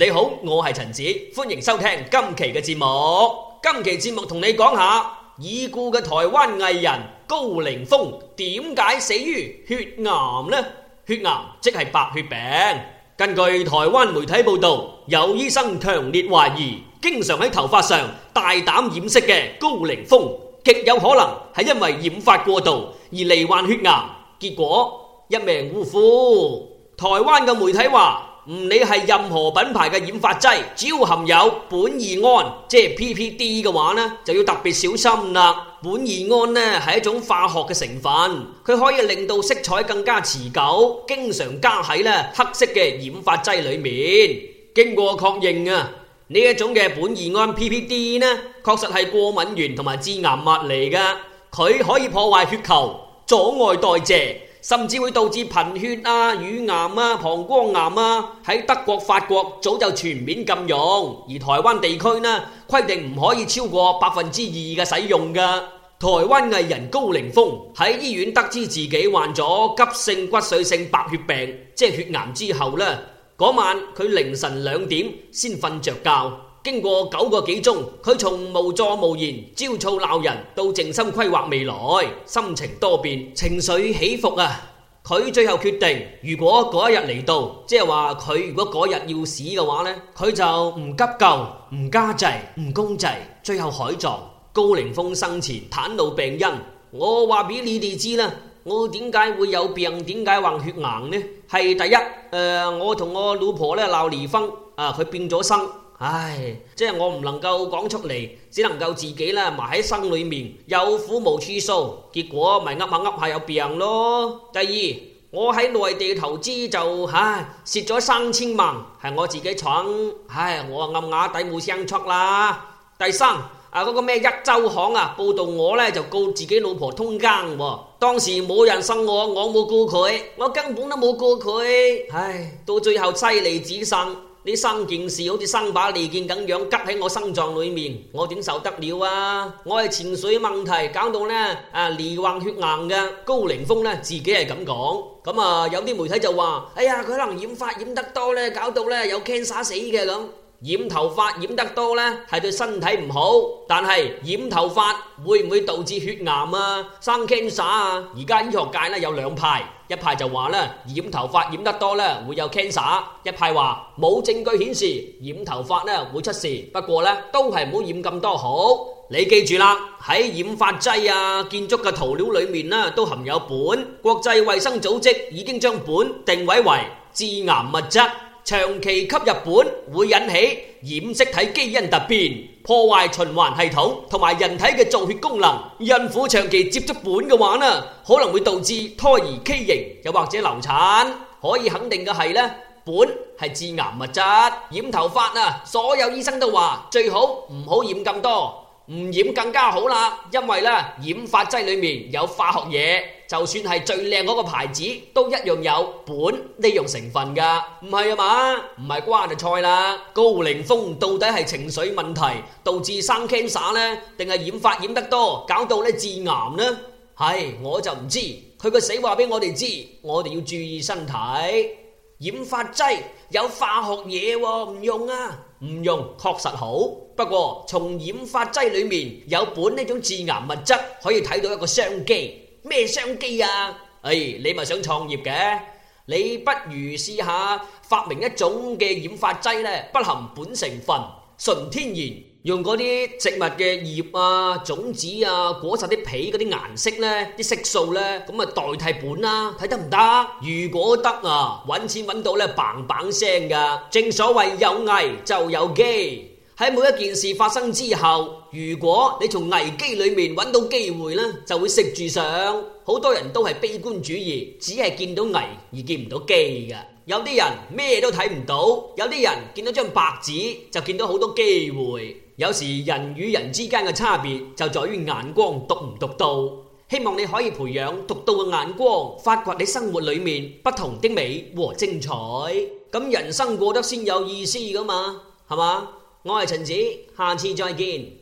你好，我係陳子，歡迎收聽今期嘅節目。今期節目同你講下已故嘅台灣藝人高凌風點解死於血癌呢？血癌即係白血病。根據台灣媒體報道，有醫生強烈懷疑，經常喺頭髮上大膽染色嘅高凌風，極有可能係因為染髮過度而罹患血癌，結果一命嗚呼。台灣嘅媒體話，唔理係任何品牌嘅染髮劑，只要含有苯二胺，即係 PPD 嘅話呢，就要特別小心啦。苯二胺呢係一種化學嘅成分，佢可以令到色彩更加持久，經常加喺呢黑色嘅染髮劑裏面。經過確認啊，呢一種嘅苯二胺 PPD 呢，確實係過敏原同埋致癌物嚟㗎，佢可以破壞血球，阻礙代謝。甚至會導致貧血啊、乳癌啊、膀胱癌啊，喺德國、法國早就全面禁用，而台灣地區呢規定唔可以超過百分之二嘅使用㗎。台灣藝人高凌風喺醫院得知自己患咗急性骨髓性白血病，即係血癌之後呢，嗰晚佢凌晨兩點先瞓着覺。經過九個幾鐘，佢從無助無言、焦躁鬧人，到靜心規劃未來，心情多變，情緒起伏啊。佢最後決定，如果嗰一日嚟到，即係話佢如果嗰日要死嘅話咧，佢就唔急救、唔加制、唔公制，最後海葬。高凌風生前坦露病因，我話俾你哋知啦，我點解會有病？點解患血癌咧？係第一誒，我同我老婆咧鬧離婚啊，佢變咗心。唉，即係我唔能夠講出嚟，只能夠自己啦埋喺心裏面，有苦無處訴，結果咪噏下噏下有病咯。第二，我喺內地投資就唉蝕咗三千萬，係我自己蠢，唉我暗啞底冇聲出啦。第三，啊、那、嗰個咩一周行啊報道我呢，就告自己老婆通奸、哦，當時冇人信我，我冇告佢，我根本都冇告佢，唉到最後妻離子散。啲生件事好似生把利劍咁樣，吉喺我心臟裏面，我點受得了啊！我係潛水問題，搞到呢，啊，罹患血癌嘅高凌風呢，自己係咁講，咁啊有啲媒體就話，哎呀佢可能染髮染得多呢，搞到呢有 cancer 死嘅咁。染頭髮染得多呢，係對身體唔好。但係染頭髮會唔會導致血癌啊、生 cancer 啊？而家醫學界呢有兩派，一派就話呢染頭髮染得多呢會有 cancer，一派話冇證據顯示染頭髮呢會出事。不過呢都係唔好染咁多。好，你記住啦，喺染髮劑啊、建築嘅塗料裏面呢都含有苯。國際衛生組織已經將苯定位為致癌物質。長期吸入苯，會引起染色體基因突變，破壞循環系統，同埋人體嘅造血功能。孕婦長期接觸苯嘅話，可能會導致胎兒畸形，又或者流產。可以肯定嘅係呢，苯，係致癌物質。染頭髮，所有醫生都話，最好，唔好染咁多。唔染更加好啦，因為咧染髮劑裏面有化學嘢，就算係最靚嗰個牌子，都一樣有苯呢樣成分噶，唔係啊嘛？唔係瓜就菜啦。高凌風到底係情緒問題導致生 cancer 咧，定係染髮染得多搞到咧致癌呢？係我就唔知，佢個死話俾我哋知，我哋要注意身體。染髮劑有化學嘢喎，唔用啊，唔用，確實好。不過從染髮劑裏面有苯呢種致癌物質，可以睇到一個商機。咩商機啊？唉、哎，你咪想創業嘅？你不如試下發明一種嘅染髮劑咧，不含苯成分，純天然。用嗰啲植物嘅葉啊、種子啊、果實啲皮嗰啲顏色呢、啲色素呢，咁啊代替本啦、啊，睇得唔得？如果得啊，揾錢揾到呢，棒棒聲噶。正所謂有危就有機，喺每一件事發生之後，如果你從危機裏面揾到機會呢，就會食住上。好多人都係悲觀主義，只係見到危而見唔到機噶。有啲人咩都睇唔到，有啲人見到張白紙就見到好多機會。有時人與人之間嘅差別就在於眼光獨唔獨到。希望你可以培養獨到嘅眼光，發掘你生活裏面不同的美和精彩。咁人生過得先有意思噶嘛，係嘛？我係陳子，下次再見。